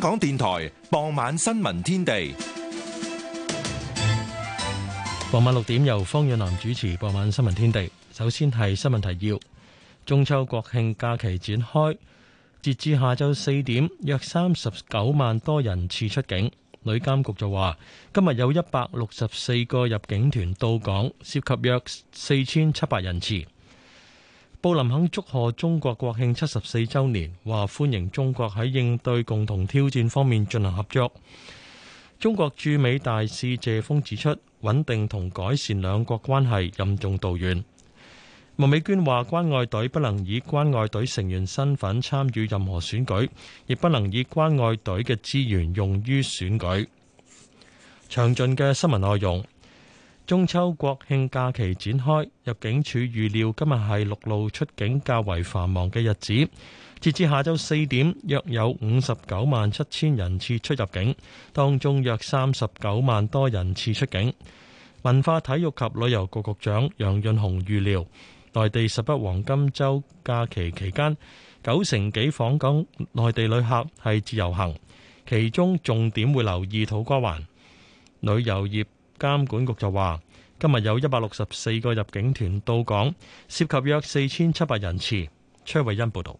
香港電台傍晚新聞天地。傍晚六點由方遠南主持。傍晚新聞天地，首先係新聞提要。中秋國慶假期展開，截至下晝四點，約三十九萬多人次出境。旅監局就話，今日有一百六十四個入境團到港，涉及約四千七百人次。布林肯祝賀中國國慶七十四周年，話歡迎中國喺應對共同挑戰方面進行合作。中國駐美大使謝鋒指出，穩定同改善兩國關係任重道遠。麥美娟話，關愛隊不能以關愛隊成員身份參與任何選舉，亦不能以關愛隊嘅資源用於選舉。詳盡嘅新聞內容。中秋、國慶假期展開，入境處預料今日係陸路出境較為繁忙嘅日子。截至下晝四點，約有五十九萬七千人次出入境，當中約三十九萬多人次出境。文化體育及旅遊局局長楊潤雄預料，內地十一黃金週假期期間，九成幾訪港內地旅客係自由行，其中重點會留意土瓜灣旅遊業。監管局就話，今日有一百六十四個入境團到港，涉及約四千七百人次。崔偉恩報道。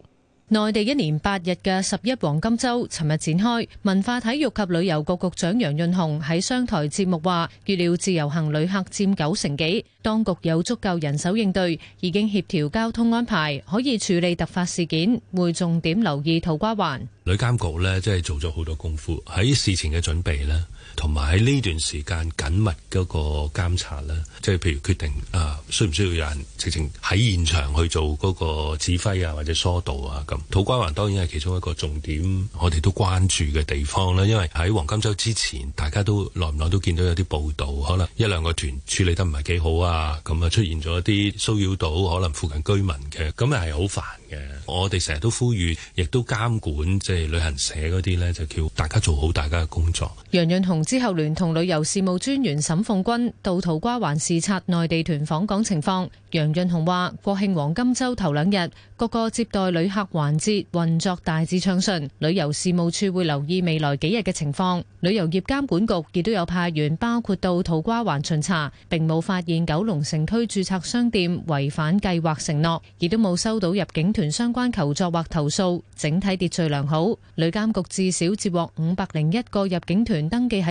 內地一年八日嘅十一黃金週，尋日展開。文化體育及旅遊局局長楊潤雄喺商台節目話，預料自由行旅客佔九成幾，當局有足夠人手應對，已經協調交通安排，可以處理突發事件，會重點留意土瓜灣。旅監局呢，真係做咗好多功夫喺事前嘅準備呢，同埋喺呢段時間緊密嗰個監察啦，即係譬如決定啊，需唔需要有人直情喺現場去做嗰個指揮啊，或者疏導啊咁。土瓜灣當然係其中一個重點，我哋都關注嘅地方啦。因為喺黃金周之前，大家都耐唔耐都見到有啲報道，可能一兩個團處理得唔係幾好啊，咁啊出現咗一啲騷擾到可能附近居民嘅，咁啊係好煩嘅。我哋成日都呼籲亦都監管即係旅行社嗰啲咧，就叫大家做好大家嘅工作。楊潤同。之後聯同旅遊事務專員沈鳳君到土瓜灣視察內地團訪港情況。楊潤雄話：國慶黃金周頭兩日，各個接待旅客環節運作大致暢順。旅遊事務處會留意未來幾日嘅情況。旅遊業監管局亦都有派員包括到土瓜灣巡查，並冇發現九龍城區注冊商店違反計劃承諾，亦都冇收到入境團相關求助或投訴，整體秩序良好。旅監局至少接獲五百零一個入境團登記喺。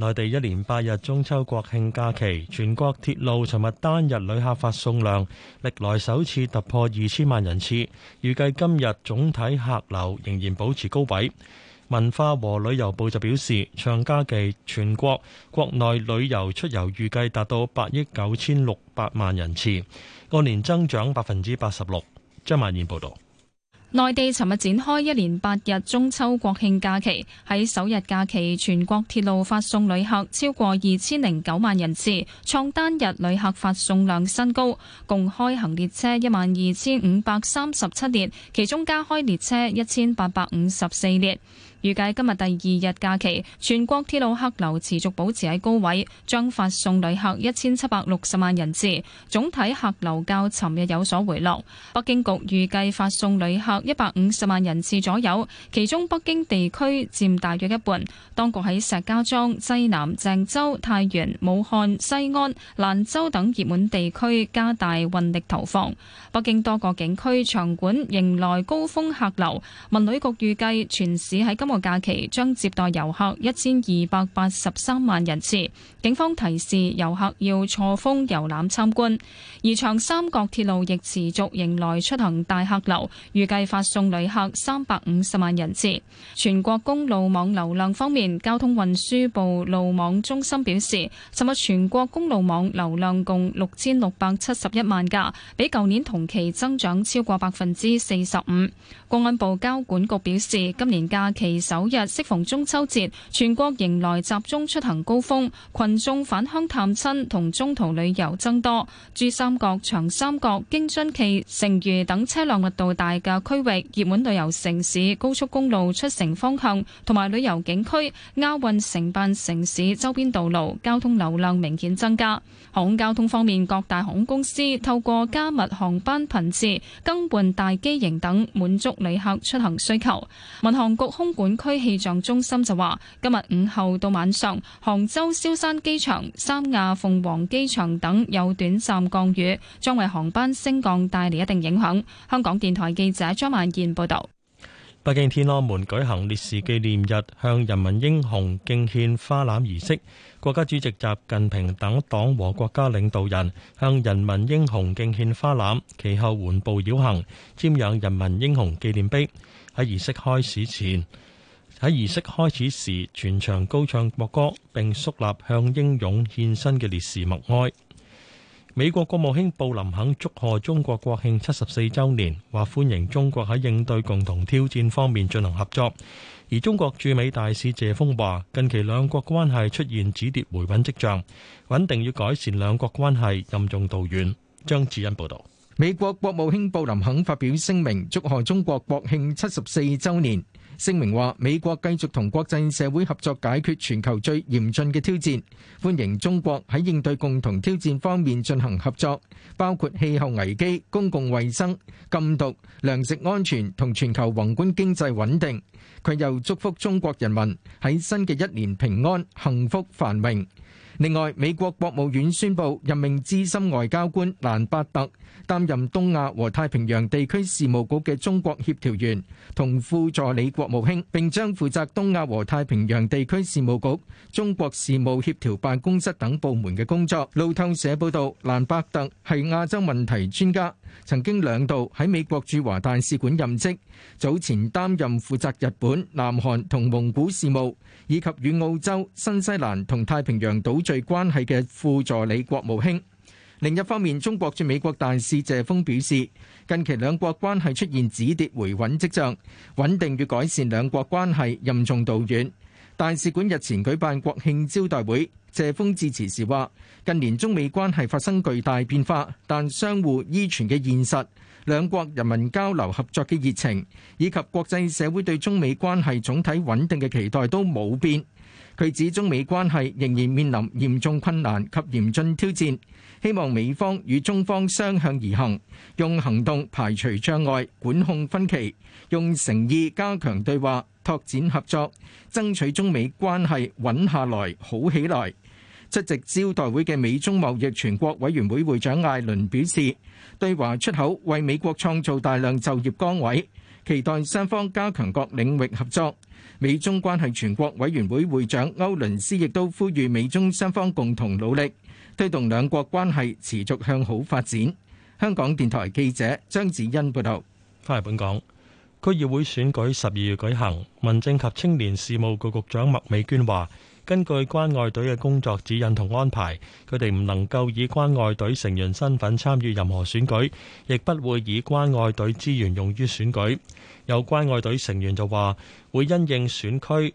內地一連八日中秋國慶假期，全國鐵路尋日單日旅客發送量歷來首次突破二千萬人次，預計今日總體客流仍然保持高位。文化和旅遊部就表示，長假期全國國內旅遊出遊預計達到八億九千六百萬人次，按年增長百分之八十六。張曼燕報道。內地尋日展開一連八日中秋國慶假期，喺首日假期，全國鐵路發送旅客超過二千零九萬人次，創單日旅客發送量新高，共開行列車一萬二千五百三十七列，其中加開列車一千八百五十四列。預計今日第二日假期，全國鐵路客流持續保持喺高位，將發送旅客一千七百六十萬人次，總體客流較尋日有所回落。北京局預計發送旅客一百五十萬人次左右，其中北京地區占大約一半。當局喺石家莊、濟南、鄭州、太原、武漢、西安、蘭州等熱門地區加大運力投放。北京多個景區場館迎來高峰客流，文旅局預計全市喺今今個假期將接待遊客一千二百八十三萬人次。警方提示遊客要錯峰遊覽參觀。而長三角鐵路亦持續迎來出行大客流，預計發送旅客三百五十萬人次。全國公路網流量方面，交通運輸部路網中心表示，尋日全國公路網流量共六千六百七十一萬架，比舊年同期增長超過百分之四十五。公安部交管局表示，今年假期，首日適逢中秋節，全國迎來集中出行高峰，群眾返鄉探親同中途旅遊增多。珠三角、長三角、京津冀、成渝等車輛密度大嘅區域，熱門旅遊城市、高速公路出城方向同埋旅遊景區、亞運承辦城市周邊道路交通流量明顯增加。航空交通方面，各大航空公司透過加密航班頻次、更換大機型等，滿足旅客出行需求。民航局空管區氣象中心就話，今日午後到晚上，杭州蕭山機場、三亞鳳凰機場等有短暫降雨，將為航班升降帶嚟一定影響。香港電台記者張萬健報道。北京天安門舉行烈士紀念日向人民英雄敬獻花籃儀式，國家主席習近平等黨和國家領導人向人民英雄敬獻花籃，其後緩步繞行，瞻仰人民英雄紀念碑。喺儀式開始前，喺儀式開始時，全場高唱國歌，並肅立向英勇獻身嘅烈士默哀。美國國務卿布林肯祝賀中國國慶七十四週年，話歡迎中國喺應對共同挑戰方面進行合作。而中國駐美大使謝峰話：近期兩國關係出現止跌回穩跡象，穩定要改善兩國關係任重道遠。張志恩報導。美國國務卿布林肯發表聲明，祝賀中國國慶七十四週年。聲明話：美國繼續同國際社會合作解決全球最嚴峻嘅挑戰，歡迎中國喺應對共同挑戰方面進行合作，包括氣候危機、公共衛生、禁毒、糧食安全同全球宏觀經濟穩定。佢又祝福中國人民喺新嘅一年平安、幸福、繁榮。另外，美國國務院宣布任命資深外交官蘭伯特。擔任東亞和太平洋地區事務局嘅中國協調員同副助理國務卿，並將負責東亞和太平洋地區事務局、中國事務協調辦公室等部門嘅工作。路透社報道，蘭伯特係亞洲問題專家，曾經兩度喺美國駐華大使館任職。早前擔任負責日本、南韓同蒙古事務，以及與澳洲、新西蘭同太平洋島嶼關係嘅副助理國務卿。另一方面，中國駐美國大使謝峰表示，近期兩國關係出現止跌回穩跡象，穩定與改善兩國關係任重道遠。大使館日前舉辦國慶招待會，謝峰致辭時話：近年中美關係發生巨大變化，但相互依存嘅現實、兩國人民交流合作嘅熱情以及國際社會對中美關係總體穩定嘅期待都冇變。佢指中美關係仍然面臨嚴重困難及嚴峻挑戰，希望美方與中方相向而行，用行動排除障礙、管控分歧，用誠意加強對話、拓展合作，爭取中美關係穩下來、好起來。出席招待會嘅美中貿易全國委員會會長艾倫表示，對華出口為美國創造大量就業崗位，期待雙方加強各領域合作。美中關係全國委員會會長歐倫斯亦都呼籲美中雙方共同努力，推動兩國關係持續向好發展。香港電台記者張子欣報導。翻嚟本港，區議會選舉十二月舉行，民政及青年事務局局長麥美娟話，根據關愛隊嘅工作指引同安排，佢哋唔能夠以關愛隊成員身份參與任何選舉，亦不會以關愛隊資源用於選舉。有關愛隊成員就話，會因應選區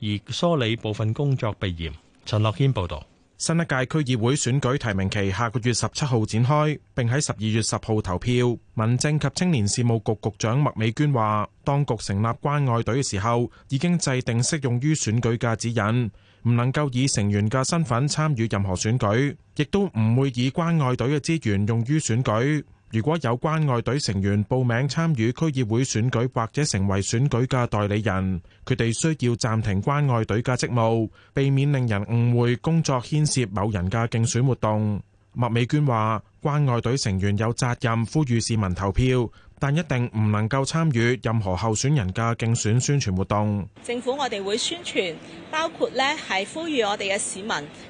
而梳理部分工作，避嫌。陳樂軒報導。新一屆區議會選舉提名期下個月十七號展開，並喺十二月十號投票。民政及青年事務局局長麥美娟話，當局成立關愛隊嘅時候，已經制定適用於選舉嘅指引。唔能夠以成員嘅身份參與任何選舉，亦都唔會以關愛隊嘅資源用於選舉。如果有關愛隊成員報名參與區議會選舉或者成為選舉嘅代理人，佢哋需要暫停關愛隊嘅職務，避免令人誤會工作牽涉某人嘅競選活動。麥美娟話：關愛隊成員有責任呼籲市民投票，但一定唔能夠參與任何候選人嘅競選宣傳活動。政府我哋會宣傳，包括咧係呼籲我哋嘅市民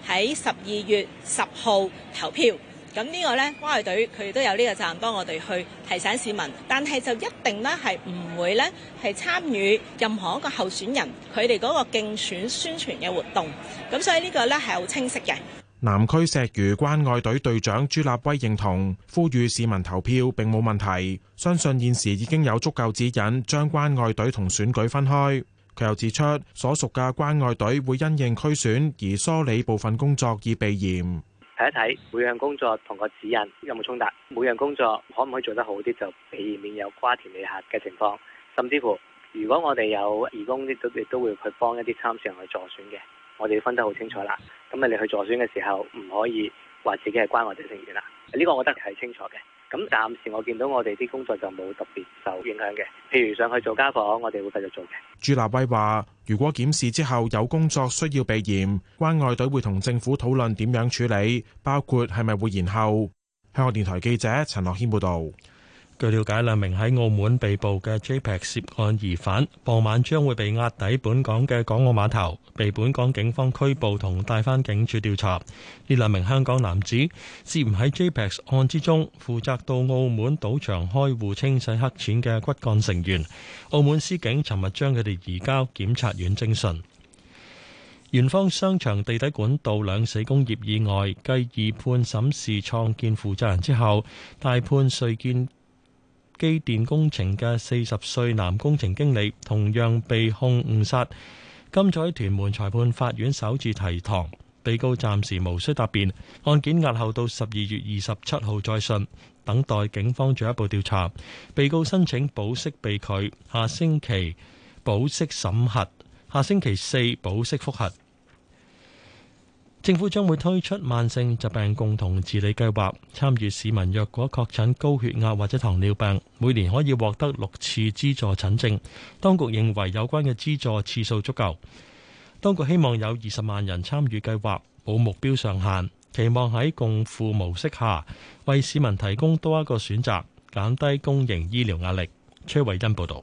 喺十二月十號投票。咁呢個咧，關愛隊佢都有呢個責任幫我哋去提醒市民。但係就一定咧係唔會咧係參與任何一個候選人佢哋嗰個競選宣傳嘅活動。咁所以呢個咧係好清晰嘅。南區石漁關愛隊隊長朱立威認同，呼籲市民投票並冇問題，相信現時已經有足夠指引，將關愛隊同選舉分開。佢又指出，所屬嘅關愛隊會因應區選而梳理部分工作以避嫌，睇一睇每樣工作同個指引有冇衝突，每樣工作可唔可以做得好啲，就避免有瓜田李下嘅情況。甚至乎，如果我哋有義工，亦都亦都會去幫一啲參選人去助選嘅。我哋分得好清楚啦，咁啊，你去助選嘅時候唔可以話自己係關外隊成員啦，呢個我覺得係清楚嘅。咁暫時我見到我哋啲工作就冇特別受影響嘅，譬如上去做家訪，我哋會繼續做嘅。朱立威話，如果檢視之後有工作需要避嫌，關外隊會同政府討論點樣處理，包括係咪會延後。香港電台記者陳樂謙報道。據了解，兩名喺澳門被捕嘅 JPEX 涉案疑犯，傍晚將會被押抵本港嘅港澳碼頭，被本港警方拘捕同帶返警署調查。呢兩名香港男子涉嫌喺 JPEX 案之中，負責到澳門賭場開戶清洗黑錢嘅骨幹成員。澳門司警尋日將佢哋移交檢察院偵訊。元芳商場地底管道兩死工業意外繼二判審視創建負責人之後，大判瑞建，機電工程嘅四十歲男工程經理，同樣被控誤殺，今早喺屯門裁判法院首次提堂，被告暫時無需答辯，案件押後到十二月二十七號再訊，等待警方進一步調查。被告申請保釋被拒，下星期保釋審核，下星期四保釋復核。政府將會推出慢性疾病共同治理計劃，參與市民若果確診高血壓或者糖尿病，每年可以獲得六次資助診症。當局認為有關嘅資助次數足夠。當局希望有二十萬人參與計劃，冇目標上限，期望喺共付模式下為市民提供多一個選擇，減低公營醫療壓力。崔偉恩報道。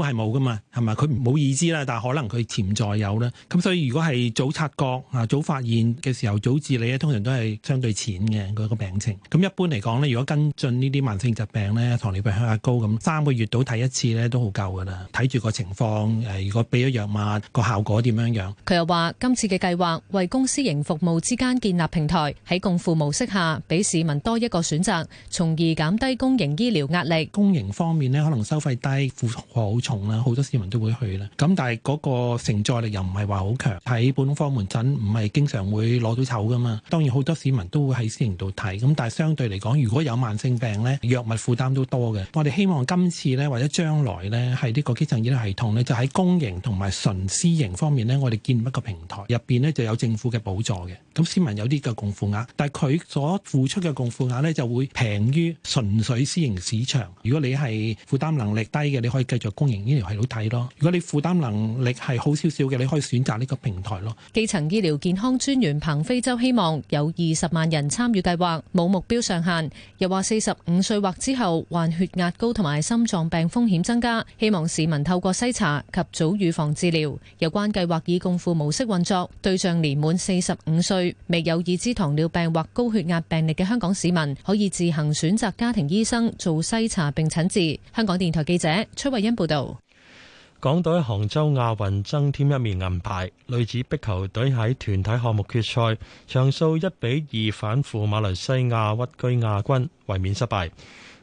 都係冇噶嘛，係咪？佢唔好意思啦，但係可能佢潛在有啦。咁所以如果係早察覺啊、早發現嘅時候、早治理咧，通常都係相對淺嘅、嗰個病情。咁一般嚟講呢，如果跟進呢啲慢性疾病呢，糖尿病、血壓高咁，三個月到睇一次呢，都好夠噶啦。睇住個情況，誒，如果俾咗藥物，個效果點樣樣？佢又話今次嘅計劃為公私營服務之間建立平台，喺共付模式下，俾市民多一個選擇，從而減低公營醫療壓力。公營方面呢，可能收費低，服務好。好多市民都會去啦。咁但係嗰個承載力又唔係話好強，喺普通科門診唔係經常會攞到籌噶嘛。當然好多市民都會喺私營度睇，咁但係相對嚟講，如果有慢性病咧，藥物負擔都多嘅。我哋希望今次咧或者將來咧，喺呢個基層醫療系統咧，就喺公營同埋純私營方面咧，我哋建立一個平台，入邊咧就有政府嘅補助嘅。咁市民有啲嘅共付額，但係佢所付出嘅共付額咧就會平於純粹私營市場。如果你係負擔能力低嘅，你可以繼續公營。醫療係好睇咯。如果你負擔能力係好少少嘅，你可以選擇呢個平台咯。基層醫療健康專員彭飛洲希望有二十萬人參與計劃，冇目標上限。又話四十五歲或之後患血壓高同埋心臟病風險增加，希望市民透過篩查及早預防治療。有關計劃以共付模式運作，對象年滿四十五歲、未有二型糖尿病或高血壓病歷嘅香港市民可以自行選擇家庭醫生做篩查並診治。香港電台記者崔慧欣報道。港隊杭州亞運增添一面銀牌，女子壁球隊喺團體項目決賽，場數一比二反負馬來西亞，屈居亞軍，衛冕失敗。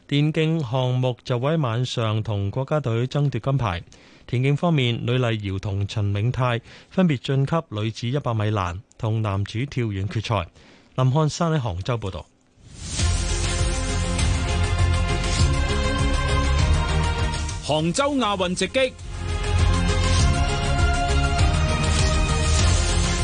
電競項目就喺晚上同國家隊爭奪金牌。田徑方面，呂麗瑤同陳銘泰分別晉級女子一百米欄同男子跳遠決賽。林漢山喺杭州報道。杭州亞運直擊。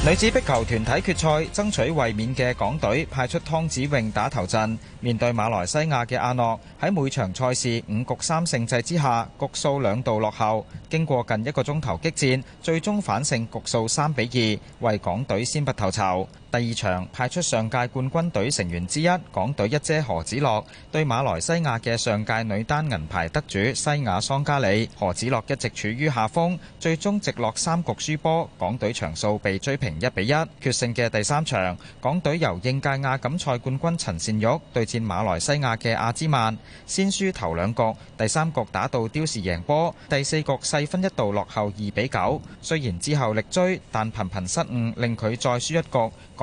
女子壁球團體決賽爭取衛冕嘅港隊派出湯子穎打頭陣，面對馬來西亞嘅阿諾，喺每場賽事五局三勝制之下，局數兩度落後，經過近一個鐘頭激戰，最終反勝局數三比二，為港隊先拔頭籌。第二場派出上屆冠軍隊成員之一，港隊一姐何子樂對馬來西亞嘅上屆女單銀牌得主西亞桑加里，何子樂一直處於下風，最終直落三局輸波，港隊場數被追平一比一。決勝嘅第三場，港隊由應屆亞錦賽冠軍陳善玉對戰馬來西亞嘅阿茲曼，先輸頭兩局，第三局打到刁士贏波，第四局細分一度落後二比九，雖然之後力追，但頻頻失誤令佢再輸一局。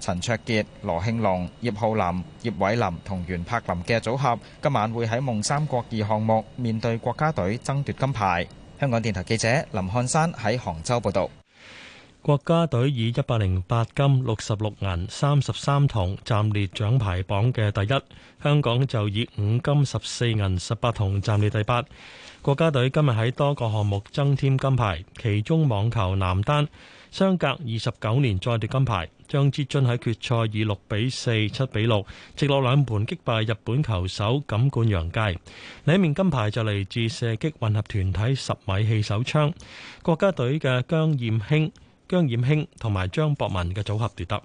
陳卓傑、羅慶龍、葉浩林、葉偉林同袁柏林嘅組合今晚會喺夢三國二項目面對國家隊爭奪金牌。香港電台記者林漢山喺杭州報道，國家隊以一百零八金、六十六銀、三十三銅暫列獎牌榜嘅第一，香港就以五金、十四銀、十八銅暫列第八。國家隊今日喺多個項目增添金牌，其中網球男單。相隔二十九年再奪金牌，張之臻喺決賽以六比四、七比六，直落兩盤擊敗日本球手綿貫陽介。另一面金牌就嚟自射擊混合團體十米氣手槍，國家隊嘅姜冉馨、姜冉馨同埋張博文嘅組合奪得。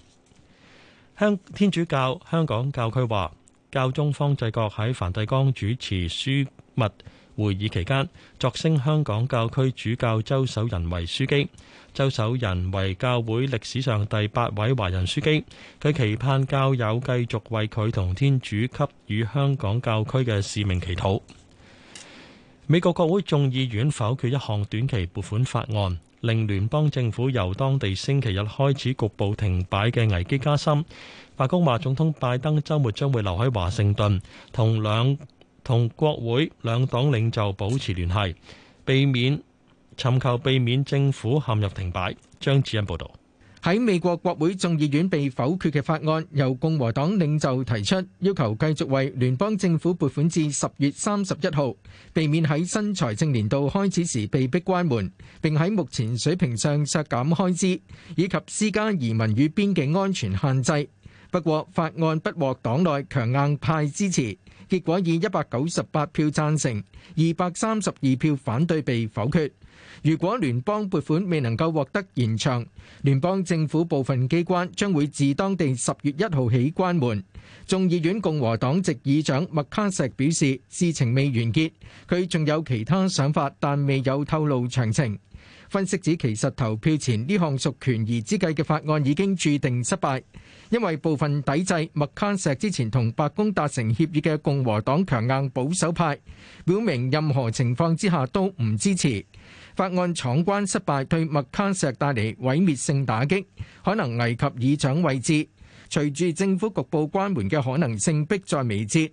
香天主教香港教區話，教宗方濟各喺梵蒂岡主持樞密。會議期間，作聲香港教區主教周守仁為書記，周守仁為教會歷史上第八位華人書記。佢期盼教友繼續為佢同天主給予香港教區嘅使命祈禱。美國國會眾議院否決一項短期撥款法案，令聯邦政府由當地星期日開始局部停擺嘅危機加深。白宮話，總統拜登週末將會留喺華盛頓同兩同國會兩黨領袖保持聯繫，避免尋求避免政府陷入停擺。張智恩報道，喺美國國會眾議院被否決嘅法案，由共和黨領袖提出，要求繼續為聯邦政府撥款至十月三十一號，避免喺新財政年度開始時被迫關門，並喺目前水平上削減開支，以及施加移民與邊境安全限制。不過，法案不獲黨內強硬派支持。結果以一百九十八票贊成、二百三十二票反對被否決。如果聯邦撥款未能夠獲得延長，聯邦政府部分機關將會自當地十月一號起關門。眾議院共和黨籍議長麥卡錫表示，事情未完結，佢仲有其他想法，但未有透露詳情。分析指，其實投票前呢項屬權宜之計嘅法案已經注定失敗，因為部分抵制麥卡錫之前同白宮達成協議嘅共和黨強硬保守派表明，任何情況之下都唔支持法案。闖關失敗對麥卡錫帶嚟毀滅性打擊，可能危及議長位置。隨住政府局部關門嘅可能性迫在眉睫。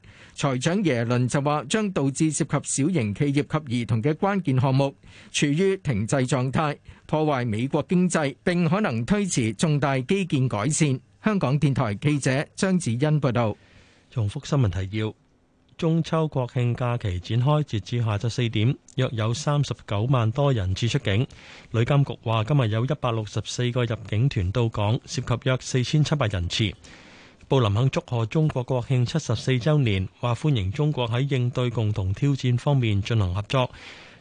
財長耶倫就話，將導致涉及小型企業及兒童嘅關鍵項目處於停滯狀態，破壞美國經濟，並可能推遲重大基建改善。香港電台記者張子欣報道。重複新聞提要：中秋國慶假期展開，截至下晝四點，約有三十九萬多人次出境。旅監局話，今日有一百六十四個入境團到港，涉及約四千七百人次。布林肯祝賀中國國慶七十四周年，話歡迎中國喺應對共同挑戰方面進行合作。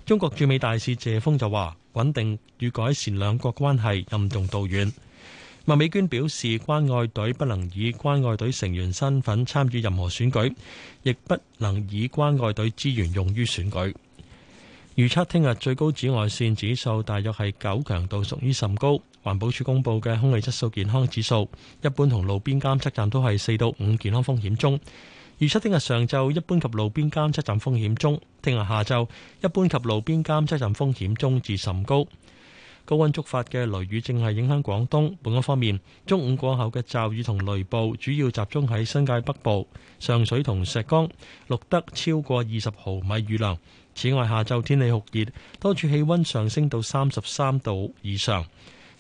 中國駐美大使謝鋒就話，穩定與改善兩國關係任重道遠。麥美娟表示，關愛隊不能以關愛隊成員身份參與任何選舉，亦不能以關愛隊資源用於選舉。預測聽日最高紫外線指數大約係九強度，屬於甚高。環保署公布嘅空氣質素健康指數，一般同路邊監測站都係四到五健康風險中。預測聽日上晝一般及路邊監測站風險中，聽日下晝一般及路邊監測站風險中至甚高。高温觸發嘅雷雨正係影響廣東。另一方面，中午過後嘅驟雨同雷暴主要集中喺新界北部、上水同石崗，錄得超過二十毫米雨量。此外，下晝天氣酷熱，多處氣温上升到三十三度以上。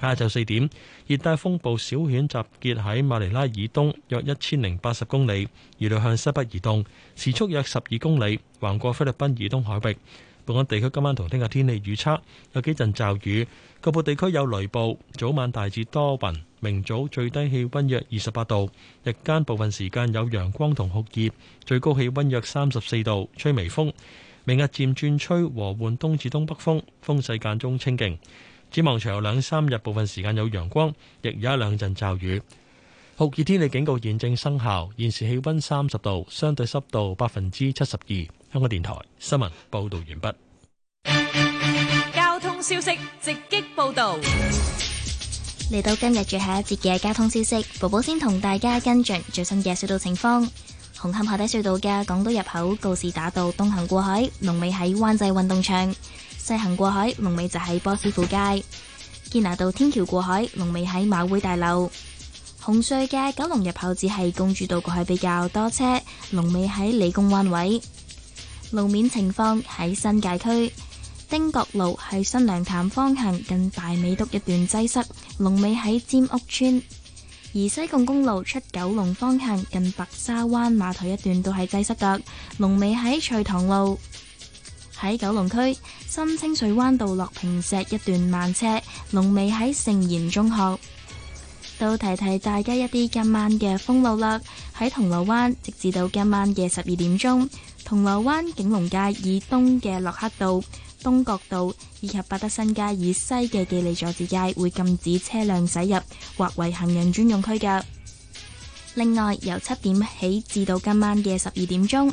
下晝四點，熱帶風暴小犬集結喺馬尼拉以東約一千零八十公里，預料向西北移動，時速約十二公里，橫過菲律賓以東海域。本港地區今晚同聽日天氣預測有幾陣驟雨，局部地區有雷暴。早晚大致多雲，明早最低氣溫約二十八度，日間部分時間有陽光同酷熱，最高氣溫約三十四度，吹微風。明日漸轉吹和緩東至東北風，風勢間中清勁。展望隨後兩三日，部分時間有陽光，亦有一兩陣驟雨。酷熱天氣警告現正生效，現時氣温三十度，相對濕度百分之七十二。香港電台新聞報道完畢。交通消息直擊報道，嚟到今日最後一節嘅交通消息，寶寶先同大家跟進最新嘅隧道情況。紅磡海底隧道嘅港島入口告士打道東行過海，龍尾喺灣仔運動場。西行過海，龍尾就喺波斯富街；堅拿道天橋過海，龍尾喺馬會大樓。紅隧嘅九龍入口只係公主道過海比較多車，龍尾喺理工灣位。路面情況喺新界區，汀角路係新娘潭方向近大美督一段擠塞，龍尾喺尖屋村。而西貢公路出九龍方向近白沙灣碼頭一段都係擠塞嘅，龍尾喺翠塘路。喺九龍區新清水灣道落坪石一段慢車，龍尾喺盛賢中學。都提提大家一啲今晚嘅封路啦。喺銅鑼灣，直至到今晚嘅十二點鐘，銅鑼灣景隆街以東嘅洛克道、東角道以及百德新街以西嘅紀利佐治街會禁止車輛駛入，劃為行人專用區噶。另外，由七點起至到今晚嘅十二點鐘。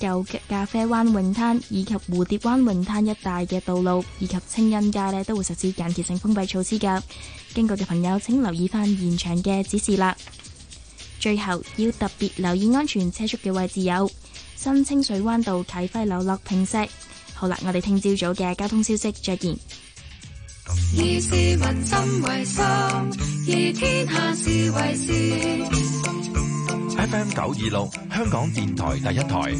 舊嘅咖啡灣泳灘以及蝴蝶灣泳灘一帶嘅道路以及清音街呢都會實施間歇性封閉措施噶，經過嘅朋友請留意翻現場嘅指示啦。最後要特別留意安全車速嘅位置有新清水灣道啟輝樓落平息。好啦，我哋聽朝早嘅交通消息再見。以民心為心，以天下事為事 F M 九二六香港電台第一台。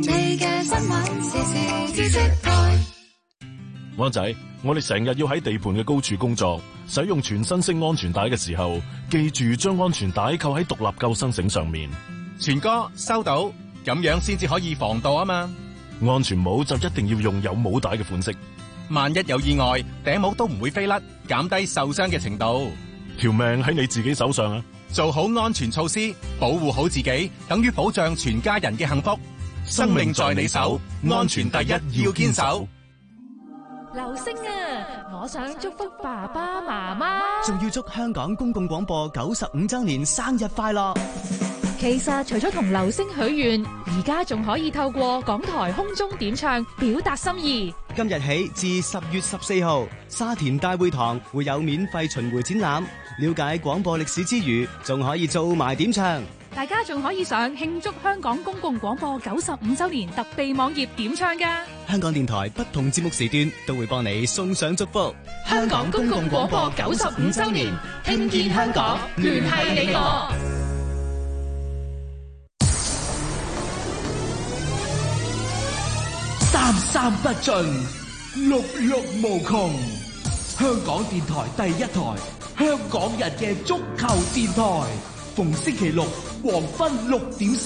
你嘅新聞資訊台。安仔，我哋成日要喺地盤嘅高處工作，使用全身式安全帶嘅時候，記住將安全帶扣喺獨立救生繩上面。全哥收到，咁樣先至可以防盜啊嘛。安全帽就一定要用有帽帶嘅款式。萬一有意外，頂帽都唔會飛甩，減低受傷嘅程度。條命喺你自己手上啊！做好安全措施，保護好自己，等於保障全家人嘅幸福。生命在你手，安全第一，要堅守。流星啊！我想祝福爸爸媽媽，仲要祝香港公共廣播九十五周年生日快樂。其實除咗同流星許願，而家仲可以透過港台空中點唱表達心意。今日起至十月十四號，沙田大會堂會有免費巡迴展覽，了解廣播歷史之餘，仲可以做埋點唱。大家仲可以上慶祝香港公共廣播九十五周年特備網頁點唱㗎。香港電台不同節目時段都會幫你送上祝福。香港公共廣播九十五周年，聽見香港，聯繫你我。三不盡，六六無窮，香港電台第一台，香港人嘅足球電台。逢星期六黃昏六點四。